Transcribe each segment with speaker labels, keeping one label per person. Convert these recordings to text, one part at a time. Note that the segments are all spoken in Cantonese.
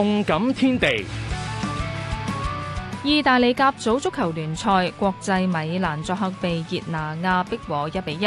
Speaker 1: 動感天地，
Speaker 2: 意大利甲組足球聯賽，國際米蘭作客被熱拿亞逼和一比一。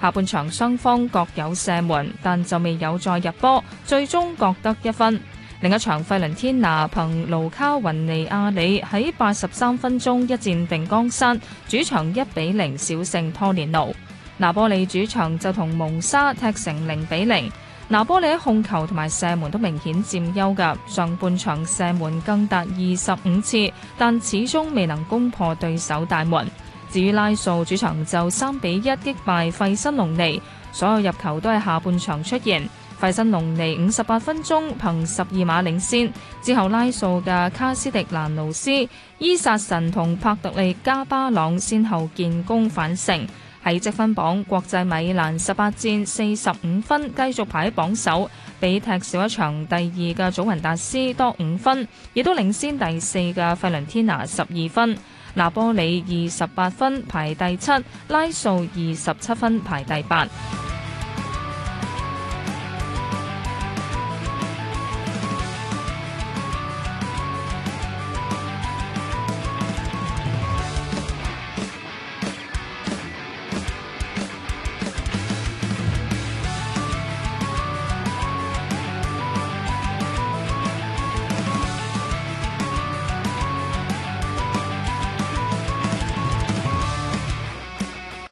Speaker 2: 下半場雙方各有射門，但就未有再入波，最終各得一分。另一場費倫天拿憑盧卡雲尼亞里喺八十三分鐘一戰定江山，主場一比零小勝拖連奴。拿波利主場就同蒙沙踢成零比零。拿波利控球同埋射門都明顯佔優嘅，上半場射門更達二十五次，但始終未能攻破對手大門。至於拉素主場就三比一擊敗費辛隆尼，所有入球都係下半場出現。費辛隆尼五十八分鐘憑十二碼領先，之後拉素嘅卡斯迪蘭奴斯、伊薩神同帕特利加巴朗先後建功反勝。喺積分榜，國際米蘭十八戰四十五分繼續排喺榜首，比踢少一場第二嘅祖雲達斯多五分，亦都領先第四嘅費倫天拿十二分。拿玻里二十八分排第七，拉素二十七分排第八。